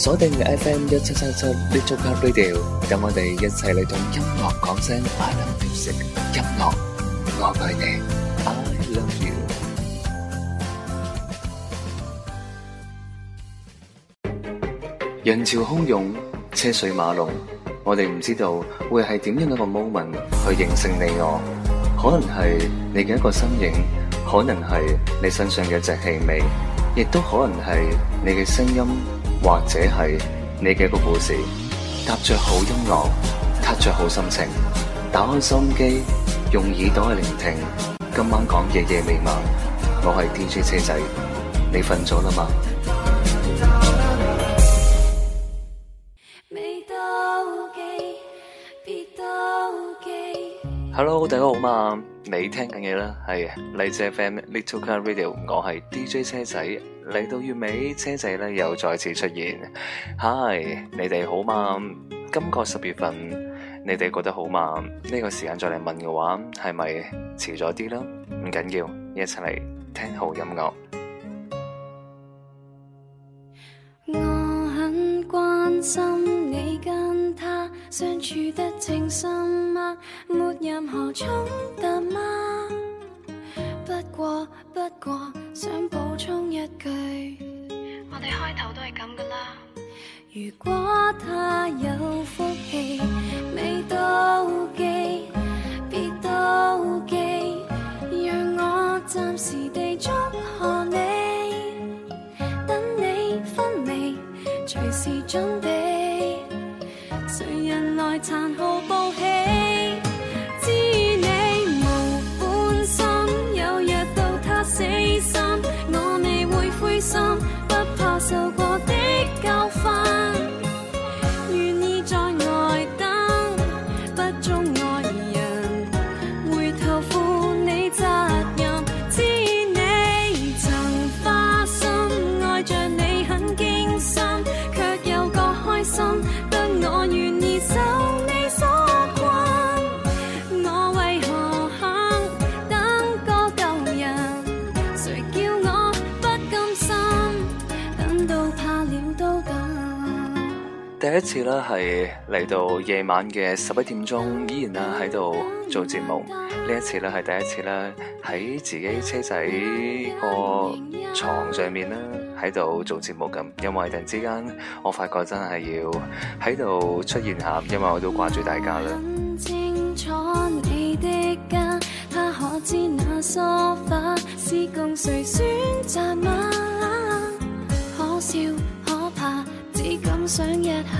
鎖定嘅 FM 一七七七的足下，radio，等我哋一齊嚟同音樂講聲，I love music，音樂，我愛你，I love you。人潮洶湧，車水馬龍，我哋唔知道會係點樣一個 moment 去形成你我，可能係你嘅一個身影，可能係你身上嘅一隻氣味，亦都可能係你嘅聲音。或者係你嘅一個故事，踏着好音樂，踏着好心情，打開心機，用耳朵去聆聽。今晚講嘅夜，夜未晚，我係 DJ 車仔，你瞓咗啦嘛？Hello，大家好嘛？你聽緊嘢啦，係荔枝 FM Little Car Radio，我係 DJ 車仔。嚟到月尾，車仔咧又再次出現。嗨，你哋好嗎？今個十月份，你哋覺得好嗎？呢、這個時間再嚟問嘅話，是是係咪遲咗啲啦？唔緊要，一齊嚟聽好音樂。我很關心你跟他相處得情深嗎？沒任何衝突嗎？光。次咧係嚟到夜晚嘅十一點鐘依然啊喺度做節目。呢一次咧係第一次咧，喺自己車仔個床上面咧喺度做節目咁，因為突然之間，我發覺真係要喺度出現下，因為我都掛住大家啦。可笑、可怕， 只敢想。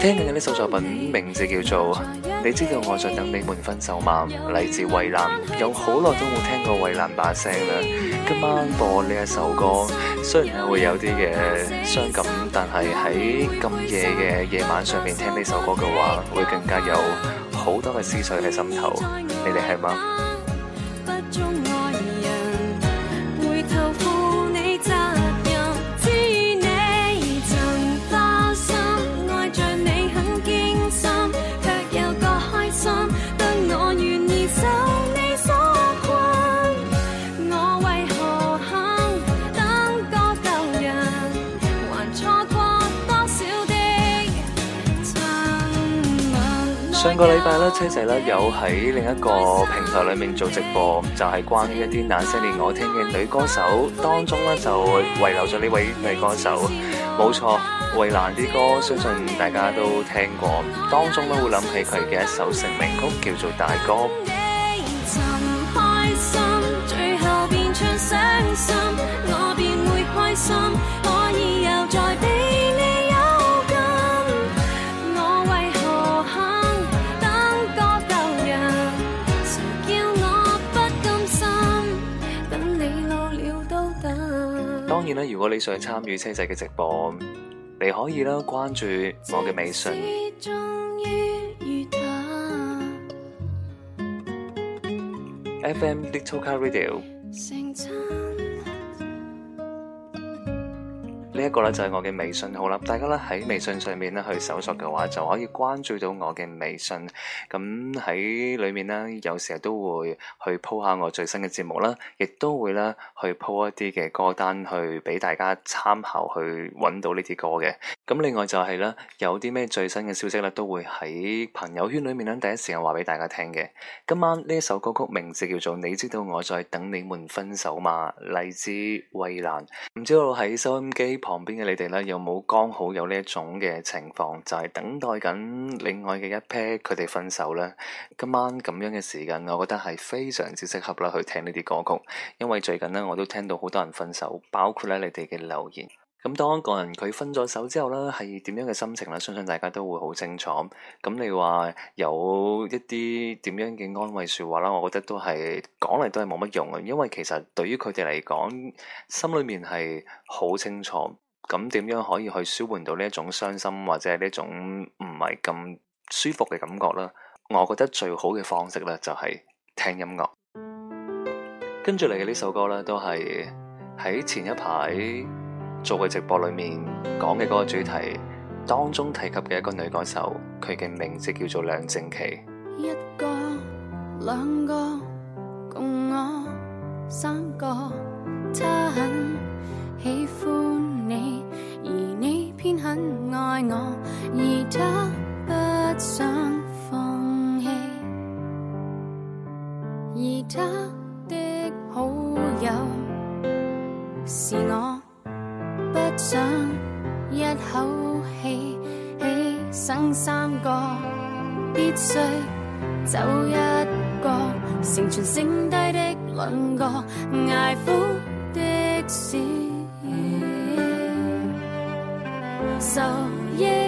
聽緊嘅呢首作品名字叫做《你知道我在等你分手嗎》，嚟自衛蘭。有好耐都冇聽過衛蘭把聲啦。今晚播呢一首歌，雖然係會有啲嘅傷感，但係喺咁夜嘅夜晚上面聽呢首歌嘅話，會更加有好多嘅思緒喺心頭。你哋係嗎？上個禮拜咧，車仔咧有喺另一個平台裏面做直播，就係關於一啲那些年我聽嘅女歌手當中咧，就遺留咗呢位女歌手。冇錯，衞蘭啲歌相信大家都聽過，當中都會諗起佢嘅一首成名曲叫做《大哥》。如果你想參與車仔嘅直播，你可以啦關注我嘅微信。FM Little Car Radio。呢一個咧，就係我嘅微信號啦，大家咧喺微信上面咧去搜索嘅話，就可以關注到我嘅微信。咁喺裏面呢，有時都會去 po 下我最新嘅節目啦，亦都會咧去 po 一啲嘅歌單去俾大家參考，去揾到呢啲歌嘅。咁另外就係咧，有啲咩最新嘅消息咧，都會喺朋友圈裏面咧第一時間話俾大家聽嘅。今晚呢一首歌曲名字叫做《你知道我在等你們分手嗎》，嚟自衛蘭。唔知道喺收音機。旁邊嘅你哋咧，有冇剛好有呢一種嘅情況，就係等待緊另外嘅一批佢哋分手咧？今晚咁樣嘅時間，我覺得係非常之適合啦，去聽呢啲歌曲，因為最近咧，我都聽到好多人分手，包括咧你哋嘅留言。咁當個人佢分咗手之後咧，係點樣嘅心情咧？相信大家都會好清楚。咁你話有一啲點樣嘅安慰說話啦，我覺得都係講嚟都係冇乜用啊。因為其實對於佢哋嚟講，心裏面係好清楚。咁點樣可以去舒緩到呢一種傷心或者呢種唔係咁舒服嘅感覺咧？我覺得最好嘅方式呢，就係聽音樂。跟住嚟嘅呢首歌呢，都係喺前一排，做嘅直播裏面講嘅嗰個主題當中提及嘅一個女歌手，佢嘅名字叫做梁靜琪，一個兩個共我三個，他很喜歡你，而你偏很愛我，而他不想。碎，就一個成全剩低的兩個捱苦的損受益。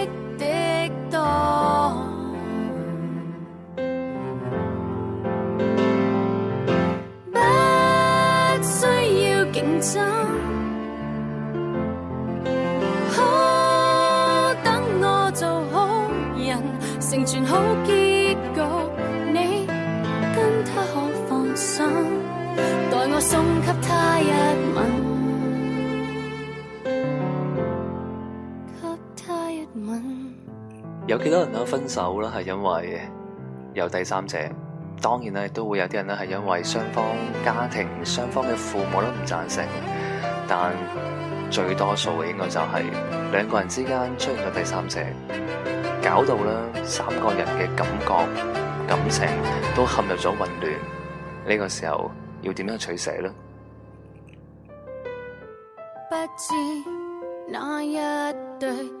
有幾多人咧分手咧，係因為有第三者。當然咧，都會有啲人咧係因為雙方家庭、雙方嘅父母都唔贊成。但最多數嘅應該就係兩個人之間出現咗第三者，搞到咧三個人嘅感覺、感情都陷入咗混亂。呢個時候要點樣取捨呢？不知哪一對。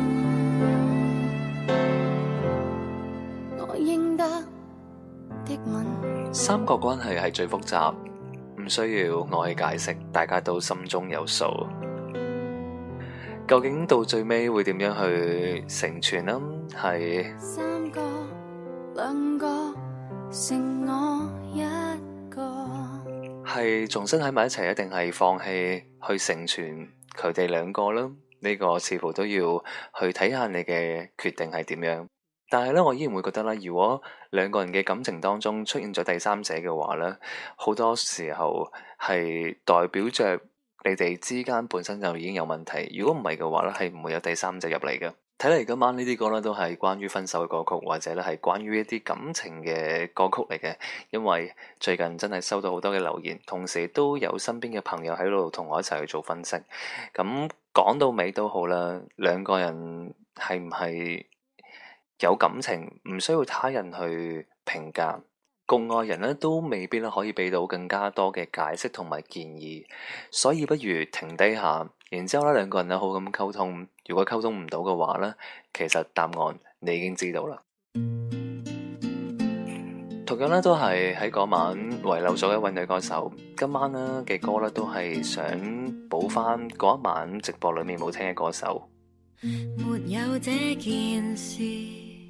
三個關係係最複雜，唔需要我去解釋，大家都心中有數。究竟到最尾會點樣去成全呢？係三個、兩個，剩我一個，係重新喺埋一齊，一定係放棄去成全佢哋兩個呢？呢、呢個似乎都要去睇下你嘅決定係點樣。但係咧，我依然會覺得咧，如果兩個人嘅感情當中出現咗第三者嘅話咧，好多時候係代表著你哋之間本身就已經有問題。如果唔係嘅話咧，係唔會有第三者入嚟嘅。睇嚟今晚呢啲歌咧，都係關於分手嘅歌曲，或者咧係關於一啲感情嘅歌曲嚟嘅。因為最近真係收到好多嘅留言，同時都有身邊嘅朋友喺度同我一齊去做分析。咁講到尾都好啦，兩個人係唔係？有感情唔需要他人去評價，共愛人咧都未必咧可以俾到更加多嘅解釋同埋建議，所以不如停低下，然之後咧兩個人咧好好咁溝通。如果溝通唔到嘅話咧，其實答案你已經知道啦。 同樣呢都係喺嗰晚遺留咗一位女歌手，今晚咧嘅歌咧都係想補翻嗰一晚直播裡面冇聽嘅歌手。沒有這件事。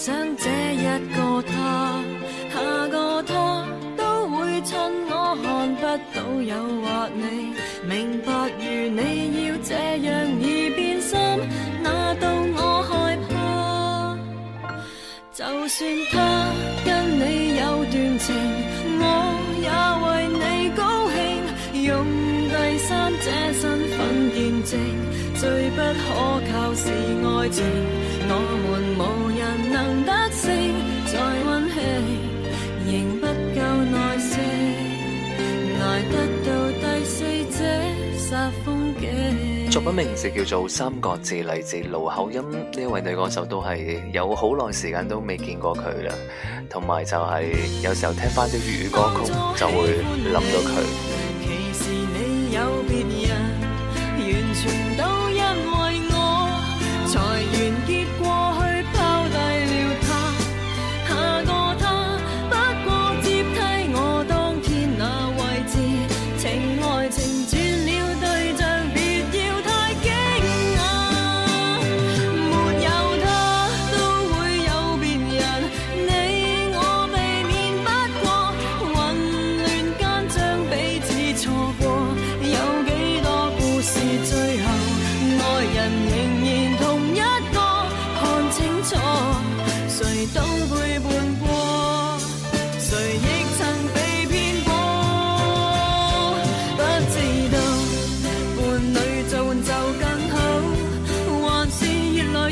想這一個他，下個他都會趁我看不到誘惑你。明白如你要這樣易變心，那到我害怕。就算他跟你有段情，我也為你高興。用第三者身份見證，最不可靠是愛情。本名字叫做《三角誌》，嚟自盧巧音呢位女歌手，都係有好耐時間都未見過佢啦，同埋就係有時候聽翻啲粵語歌曲就會諗到佢。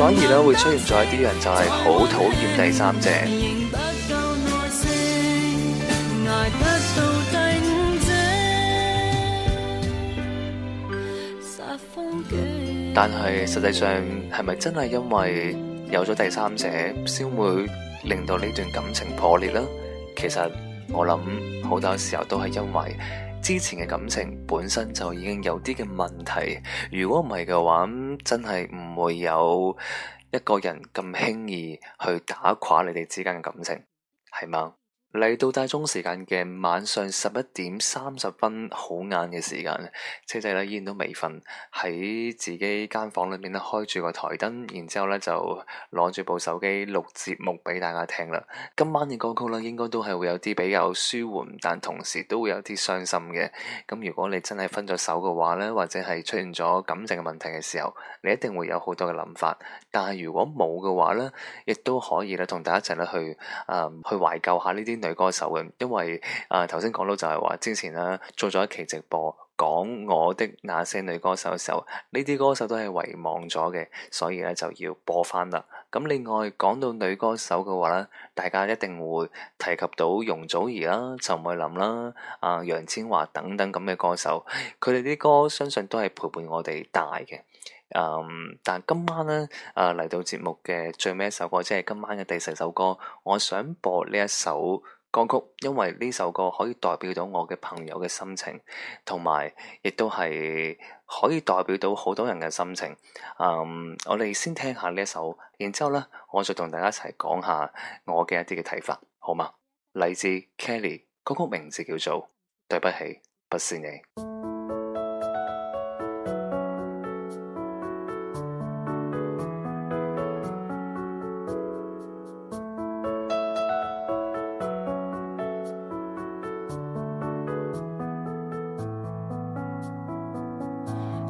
所以咧，會出現咗一啲人就係好討厭第三者。但係實際上係咪真係因為有咗第三者先會令到呢段感情破裂呢？其實我諗好多時候都係因為。之前嘅感情本身就已經有啲嘅問題，如果唔係嘅話，真係唔會有一個人咁輕易去打垮你哋之間嘅感情，係嘛？嚟到大鐘時間嘅晚上十一點三十分，好晏嘅時間，車仔咧依然都未瞓，喺自己間房裏面咧開住個台燈，然之後咧就攞住部手機錄節目畀大家聽啦。今晚嘅歌曲咧，應該都係會有啲比較舒緩，但同時都會有啲傷心嘅。咁如果你真係分咗手嘅話呢，或者係出現咗感情嘅問題嘅時候，你一定會有好多嘅諗法。但係如果冇嘅話呢，亦都可以咧同大家一齊去，誒、呃，去懷舊下呢啲。女歌手嘅，因為啊頭先講到就係話之前咧做咗一期直播講我的那些女歌手嘅時候，呢啲歌手都係遺忘咗嘅，所以咧就要播翻啦。咁另外講到女歌手嘅話咧，大家一定會提及到容祖兒啦、陳慧琳啦、啊、呃、楊千嬅等等咁嘅歌手，佢哋啲歌相信都係陪伴我哋大嘅。誒，um, 但今晚咧，誒、啊、嚟到節目嘅最尾一首歌，即係今晚嘅第四首歌，我想播呢一首歌曲，因為呢首歌可以代表到我嘅朋友嘅心情，同埋亦都係可以代表到好多人嘅心情。嗯、um,，我哋先聽下呢一首，然之後咧，我再同大家一齊講下我嘅一啲嘅睇法，好嘛？嚟自 Kelly，歌曲名字叫做《對不起，不是你》。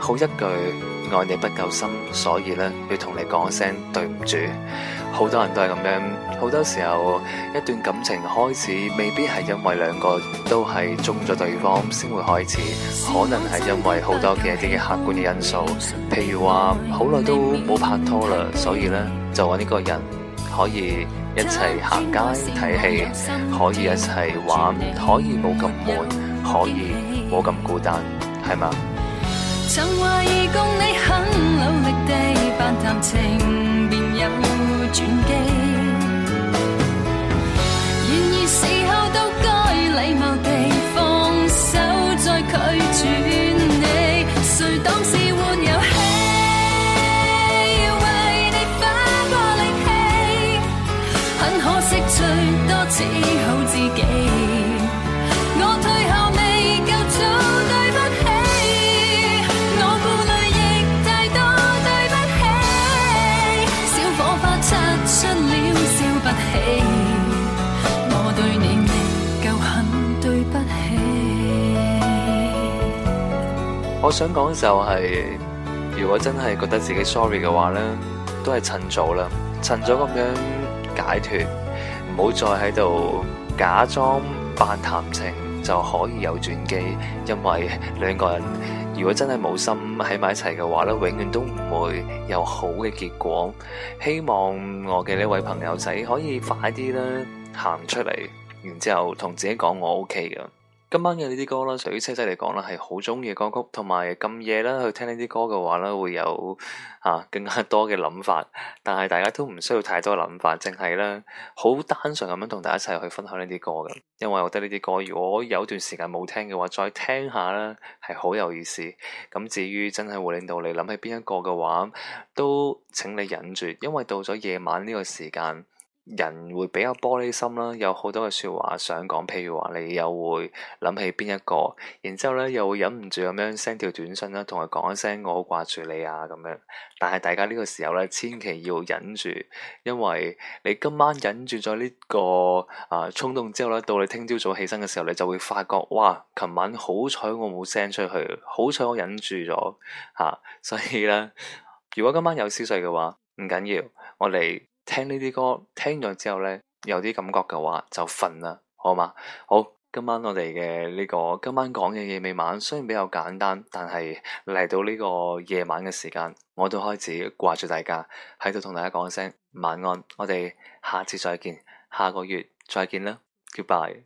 好一句愛你不夠深，所以咧要同你講聲對唔住。好多人都係咁樣，好多時候一段感情開始未必係因為兩個都係中咗對方先會開始，可能係因為好多嘅一啲嘅客觀嘅因素，譬如話好耐都冇拍拖啦，所以咧就話呢個人可以一齊行街睇戲，可以一齊玩，可以冇咁悶，可以冇咁孤單，係嘛？曾懷疑共你很努力地扮談情便有轉機，然而時候都該禮貌地放手再拒絕你，誰當時玩遊戲，為你花過力氣，很可惜最多只好。我想講就係、是，如果真係覺得自己 sorry 嘅話咧，都係趁早啦，趁早咁樣解脫，唔好再喺度假假裝扮談情就可以有轉機，因為兩個人如果真係冇心喺埋一齊嘅話咧，永遠都唔會有好嘅結果。希望我嘅呢位朋友仔可以快啲咧行出嚟，然之後同自己講我 OK 嘅。今晚嘅呢啲歌啦，屬於車仔嚟講啦，係好鍾意嘅歌曲，同埋咁夜啦去聽呢啲歌嘅話咧，會有嚇更加多嘅諗法。但係大家都唔需要太多諗法，淨係咧好單純咁樣同大家一齊去分享呢啲歌㗎。因為我覺得呢啲歌，如果有一段時間冇聽嘅話，再聽下啦，係好有意思。咁至於真係會令到你諗起邊一個嘅話，都請你忍住，因為到咗夜晚呢個時間。人會比較玻璃心啦，有好多嘅說話想講，譬如話你又會諗起邊一個，然之後咧又會忍唔住咁樣 send 條短信啦，同佢講一聲我好掛住你啊，咁樣。但係大家呢個時候咧，千祈要忍住，因為你今晚忍住咗呢、這個啊呃、衝動之後咧，到你聽朝早起身嘅時候，你就會發覺哇，琴晚好彩我冇 send 出去，好彩我忍住咗吓、啊。所以咧，如果今晚有消息嘅話，唔緊要，我哋。聽呢啲歌，聽咗之後呢，有啲感覺嘅話就瞓啦，好嘛？好，今晚我哋嘅呢個今晚講嘅夜未晚，雖然比較簡單，但係嚟到呢個夜晚嘅時間，我都開始掛住大家，喺度同大家講聲晚安，我哋下次再見，下個月再見啦，Goodbye。